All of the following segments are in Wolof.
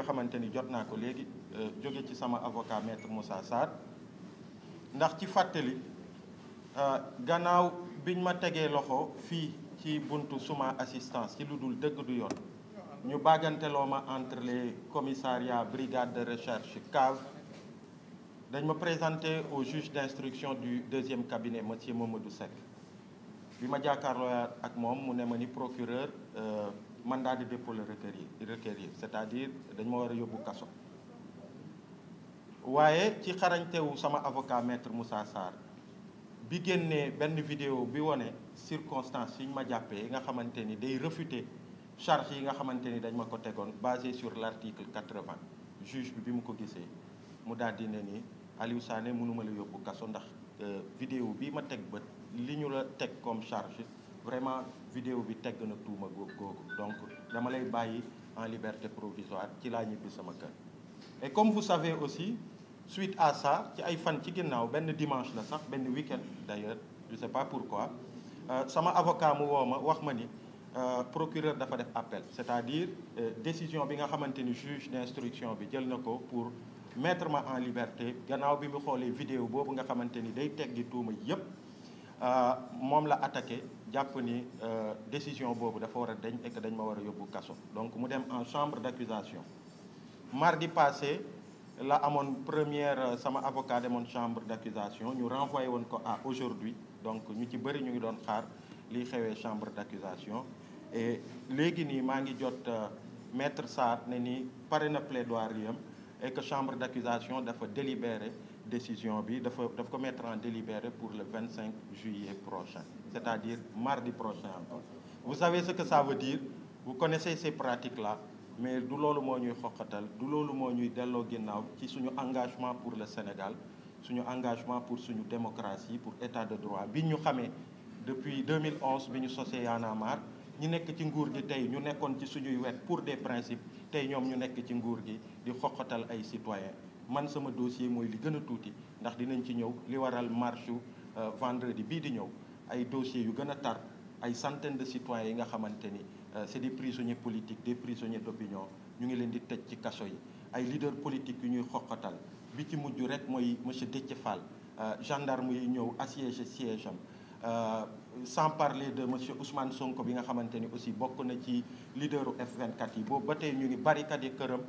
yoo xamante ni jot naa ko léegi euh, jóge ci sama avocat maître Moussa Sarr ndax ci fàttali euh, gannaaw biñ ma tegee loxo fii ci buntu suma assistance ci lu dul dëgg du yoon ñu bàgganteloo ma entre les commissariats brigade de recherche cave dañ ma présenter au juge d'instruction du deuxième cabinet monsieur Mamadou Seck bi ma jàkkaarloo ak moom mu ne ma ni procureur euh, mandat de dépôt la requérir requérir c'est-à-dire dañ ma war a yóbbu kaso waaye ci xarañtewu sama avocat maître Moussa Sarr bi génnee benn vidéo bi wone circonstance yi ñu ma jàppee nga xamante ni day réfuter charge yi nga xamante ni dañ ma ko tegoon basé sur l'article 80 juge bi bi mu ko gisee mu daal di ne nii Aliou mënuma la yóbbu kaso ndax euh, vidéo bi ma teg bët li ñu la teg comme charge vraiment vidéo bi tegg na tuuma googu donc dama lay bàyyi en liberté provisoire ci laa ñibbi sama kër. et comme vous savez aussi suite à ça ci ay fan ci ginnaaw benn dimanche la sax benn week-end d'ailleurs je sais pas pourquoi euh, sama avocat mu woo ma wax ma ni euh, procureur dafa def appel cest à diir euh, décision bi nga xamante ni juge d'instruction bi jël na ko pour mettre ma en liberté gannaaw bi mu xoolee vidéo boobu nga xamante ni day teggi tuuma yépp moom la attaqué jàpp ni euh, décision boobu dafa war a dañ et que dañ ma war a yóbbu kaso donc mu dem en chambre d'accusation mardi passé la amoon première euh, sama avocat demoon chambre d'accusation ñu renvoyé woon ko à aujourd'hui donc ñu ci bëri ñu ngi doon xaar liy xewee chambre d'accusation e léegi nii maa ngi jot euh, maître Sarr ne ni pare na plaidoirie am et que chambre d'accusation dafa délibéré décision bi dafa daf ko mettre en délibéré pour le 25 juillet prochain c'est-à-dire mardi prochain encore vous savez ce que ça veut dire vous connaissez ces pratiques-là mais du loolu moo ñuy xoqatal du loolu moo ñuy delloo ginnaaw ci suñu engagement pour le Sénégal suñu engagement pour suñu démocratie pour état de droit bi ñu xamee depuis 2011 bi ñu sosee Y'en ñi nekk ci nguur gi tey ñu nekkoon ci suñuy wet pour des principes tey ñoom ñu nekk ci nguur gi di xoqatal ay citoyens man sama dossier mooy li gën a tuuti ndax dinañ ci ñëw li waral marche euh, vendredi bii di ñëw ay dossiers yu gën a tar ay centaines de citoyens yi nga xamante ni euh, c'est des prisonniers politiques des prisonniers d'opinion ñu ngi leen di tëj ci kaso yi ay leaders politiques yu ñuy xoqatal bi ci mujj rek mooy monsieur Déthié Fall euh, gendarme yi ñëw assiégé siège am Euh, sans parler de monsieur Ousmane Sonko bi nga xamante ni aussi bokk na ci leaderu F24 yi boobu ba tey ñu ngi barricade këram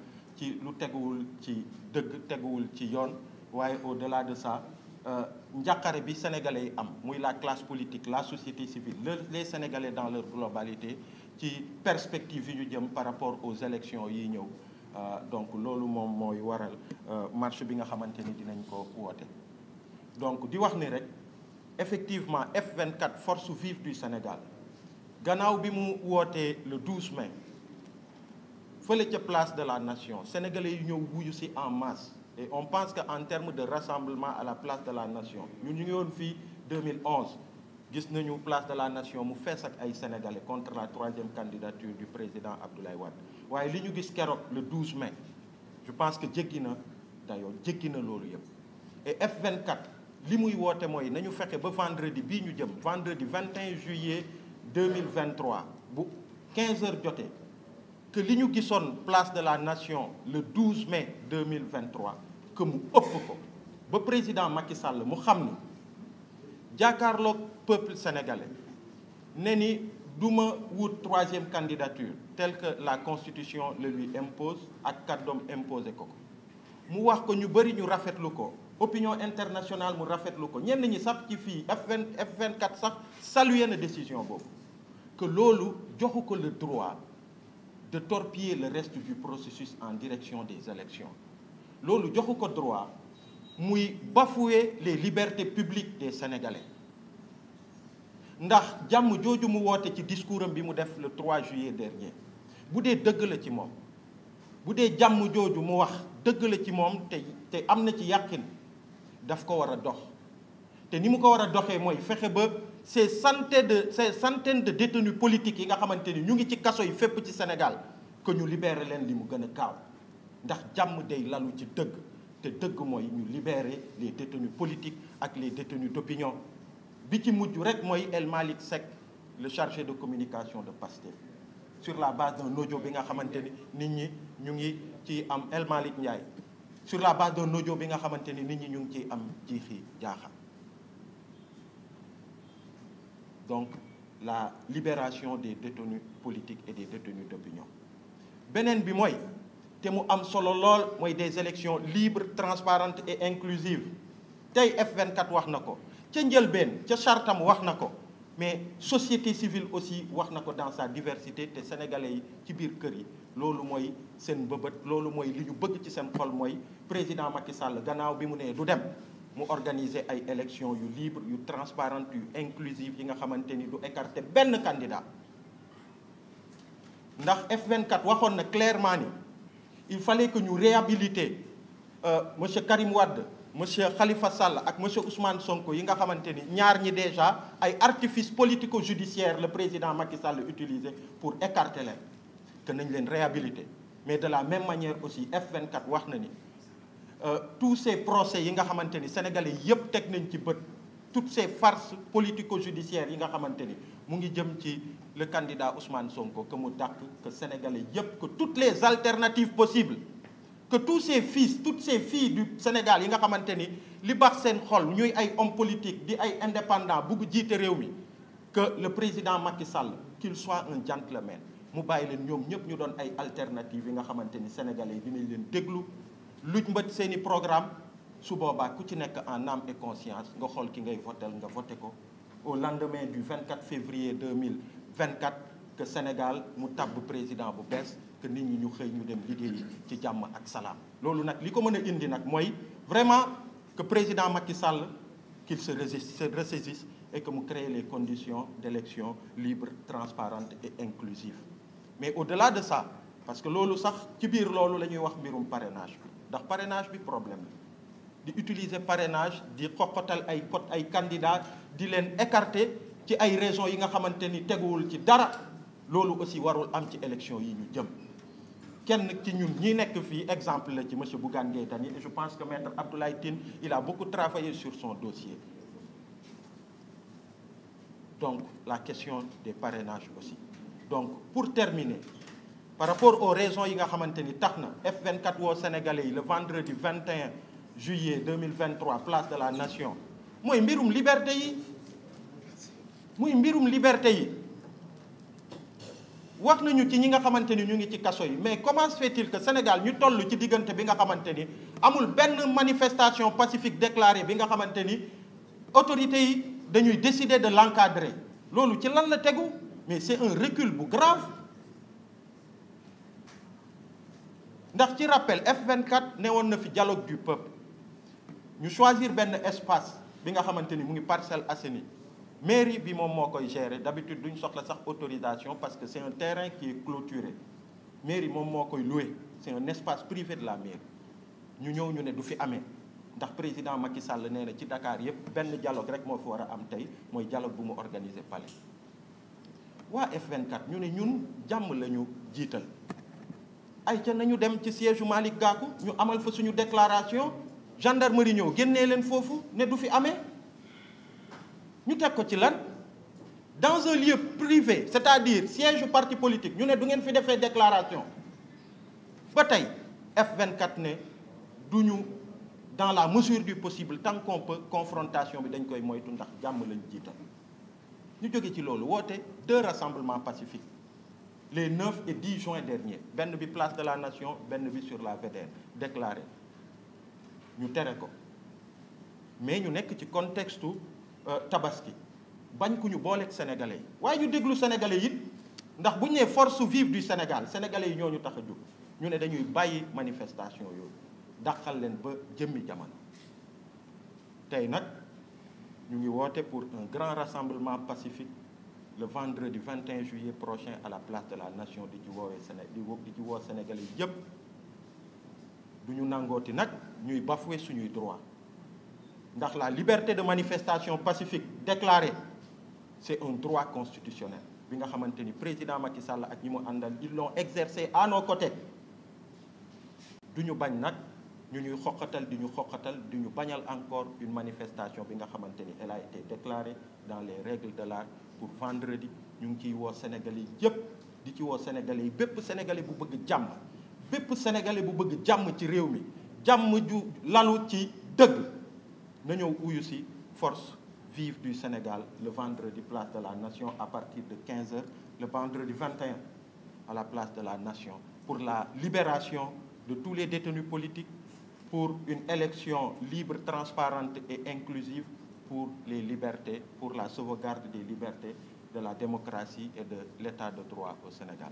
ci lu teguwul ci dëgg teguwul ci yoon waaye au la de ça euh, njàqare bi sénégalais yi am muy la classe politique la société civile les sénégalais dans leur globalité ci perspective yi ñu jëm par rapport aux élections yi ñëw euh, donc loolu moom mooy waral euh, marché bi nga xamante ni dinañ ko woote donc di wax ni rek effectivement F24 force vive du Sénégal gannaaw bi mu wootee le 12 mai fële ca place de la nation sénégalais yu ñëw wuyu si en masse et on pense que en terme de rassemblement à la place de la nation ñun ñu ngi woon fii 2011 gis nañu place de la nation mu fees ak ay sénégalais contre la troisième candidature du président Abdoulaye Wade waaye li ñu gis keroog le 12 mai je pense que jéggi na dayoo jéggi na loolu yëpp. e F24 li muy woote mooy nañu fexe ba vendredi bi ñu jëm vendredi 21 juillet 2023 bu quinze heures jotee. que li ñu gisoon place de la nation le 12 mai 2023 que mu ëpp ko ba président Macky Sall mu xam ni jàkkaarloog peuple sénégalais ne ni duma wut troisième candidature telle que la constitution le lui impose ak kàddoom imposé ko ko mu wax ko ñu bëri ñu rafetlu ko opinion internationale mu rafetlu ko ñenn ñi sax ci fii F24 sax saluer na décision boobu que loolu joxu ko le droit de torpiller le reste du processus en direction des élections loolu joxu ko droit muy bafouer les libertés publiques des Sénégalais ndax jàmm jooju mu woote ci discours am bi mu def le 3 juillet dernier bu dee dëgg la ci moom bu dee jàmm jooju mu wax dëgg la ci moom te te am na ci yàqin daf ko war a dox te ni mu ko war a doxee mooy fexe ba ces centaines de ces centaines de détenus politiques yi nga xamante ni ñu ngi ci kaso yi fépp ci Sénégal ko ñu libere leen li mu gën a kaaw ndax jàmm day lalu ci dëgg te dëgg mooy ñu libérer les détenus politiques ak les détenus d'opinion bi ci mujj rek mooy El Malick sec le chargé de communication de Pastef sur la base d'un audio bi nga xamante ni nit ñi ñu ngi ci am El Malick Ndiaye sur la base d'un audio bi nga xamante ni nit ñi ñu ngi ciy am jiixi jaaxa donc la libération des détenus politiques et des détenus d'opinion beneen bi mooy te mu am solo lool mooy des élections libres transparentes et inclusives tey F24 wax na ko ca njëlbeen ca chartam wax na ko mais société civile aussi wax na ko dans sa diversité te sénégalais yi ci biir kër yi loolu mooy seen mbëbët loolu mooy li ñu bëgg ci seen xol mooy président Macky Sall gannaaw bi mu nee du dem mu organiser ay élection yu libre yu transparente yu inclusive yi nga xamante ni du écarter benn candidat ndax F24 waxoon na clairement ni il fallait que ñu réhabiliter euh, monsieur Karim wadd monsieur Khalifa Sall ak monsieur Ousmane Sonko yi nga xamante ni ñaar ñi déjà ay artifice politico-judiciaire la président Macky Sall utilisé pour écarté la que nañ leen réhabiliter mais de la même manière aussi F24 wax na ni Euh, tous ces procès yi nga xamante ni sénégalais yëpp teg nañ ci bët toutes ces farces politico-judiciaires yi nga xamante ni mu ngi jëm ci le candidat Ousmane Sonko que mu dàq que sénégalais yëpp ko toutes les alternatives possibles que tous ces fils toutes ces filles du Sénégal yi nga xamante ni li baax seen xol ñuy ay homme politique di ay indépendant bugg jiite réew mi que le président Macky Sall qu'il soit un gentleman mu bàyyi leen ñoom ñëpp ñu doon ay alternatives yi nga xamante ni sénégalais yi dinañ leen déglu lu mbët seeni programme su boobaa ku ci nekk en âme et conscience nga xool ki ngay votel nga voté ko au lendemain du 24 février 2024 que Sénégal mu tabb président bu bees que nit ñi ñu xëy ñu dem yi ci jàmm ak salaam loolu nag li ko mën a indi nag mooy vraiment que président Macky Sall qu'il se ressaisisse et que mu crée les conditions d'élection libre transparente et inclusive mais au-delà de ça parce que loolu sax ci biir loolu la ñuy wax mbirum parenage bi ndax parrainage bi problème la di utiliser parrainage di xoqatal ay code ay candidats di leen écarter ci ay raisons yi nga xamante ni teguwul ci dara loolu aussi warul am ci élection yi ñu jëm kenn ci ñun ñi nekk fii exemple la ci monsieur Bougane Gueye Dany je pense que maître Abdoulaye Tine il a beaucoup travaillé sur son dossier donc la question des parrainages aussi donc pour terminer par rapport aux raisons yi nga xamante ni tax na F24 woo sénégalais yi le vendredi 21 juillet 2023 place de la nation mooy mbirum liberté yi muy mbirum liberté yi wax nañu ci ñi nga xamante ni ñu ngi ci kaso yi mais comment fait-il que Sénégal ñu toll ci diggante bi nga xamante ni amul benn manifestation pacifique déclarée bi nga xamante ni autorités yi dañuy décider de l'encadrer loolu ci lan la tegu mais c'est un recule bu grave ndax ci rappel F24 ne woon na fi dialogue du peuple ñu choisir benn espace bi nga xamante ni mu ngi parcelle Assainies mairie bi moom moo koy gérer d'habitude duñ soxla sax autorisation parce que c'est terrain qui est clôturé mairie moom moo koy louer c'est un espace privé de la mairie ñu ñëw ñu ne du fi amee ndax président Macky Sall nee na ci Dakar yépp benn dialogue rek moo fi war a am tey mooy dialogue bu mu organiser palais waa F24 ñu ne ñun jàmm la jiital ay ca nañu dem ci siège Malick Gakou ñu amal fa suñu déclaration gendarmerie ñëw génnee leen foofu ne du fi amee ñu teg ko ci lan dans un lieu privé c'est-à-dire siège parti politique ñu ne du ngeen fi defee déclaration ba tey F24 ne du ñu dans la mesure du possible tant qu'on confrontation bi dañ koy moytu ndax jàmm lañ jiital ñu jóge ci loolu woote deux rassemblements pacifique les 9 et 10 juin dernier benn bi place de la nation benn bi sur la VDN déclaré ñu tere ko mais ñu nekk ci contextu euh, tabaski bañ ku ñu booleeg sénégalais yi waaye ñu déglu sénégalais yi ndax bu ñu nee force vive du Sénégal sénégalais yi ñoo ñu tax a jóg ñu ne dañuy bàyyi manifestation yooyu dàqal leen ba jëmmi jamono tey nag ñu ngi woote pour un grand rassemblement pacifique le vendredi 21 juillet prochain à la place de la nation di ci woowee Séné di wo di ci woo Sénégalais yépp du ñu nangooti nag ñuy bafouer suñuy droit ndax la liberté de manifestation pacifique déclarée c'est un droit constitutionnel bi nga xamante ni président Macky Sall ak ñi mu àndal ils l'ont exercé à nos côtés du ñu bañ nag ñu ñuy xoqatal di ñu xoqatal di ñu bañal encore une manifestation bi nga xamante ni elle a été dans les règles de l'art pour vendredi ñu ngi ciy woo sénégalais yépp di ci woo sénégalais yi bépp sénégalais bu bëgg jàmm bépp sénégalais bu bëgg jàmm ci réew mi jàmm ju lalu ci dëgg na ñëw uyu si force vive du Sénégal le vendredi place de la nation à partir de 15 heures le vendredi 21 à la place de la nation pour la libération de tous les détenus politiques pour une élection libre transparente et inclusive pour les libertés, pour la sauvegarde des libertés, de la démocratie et de l'état de droit au Sénégal.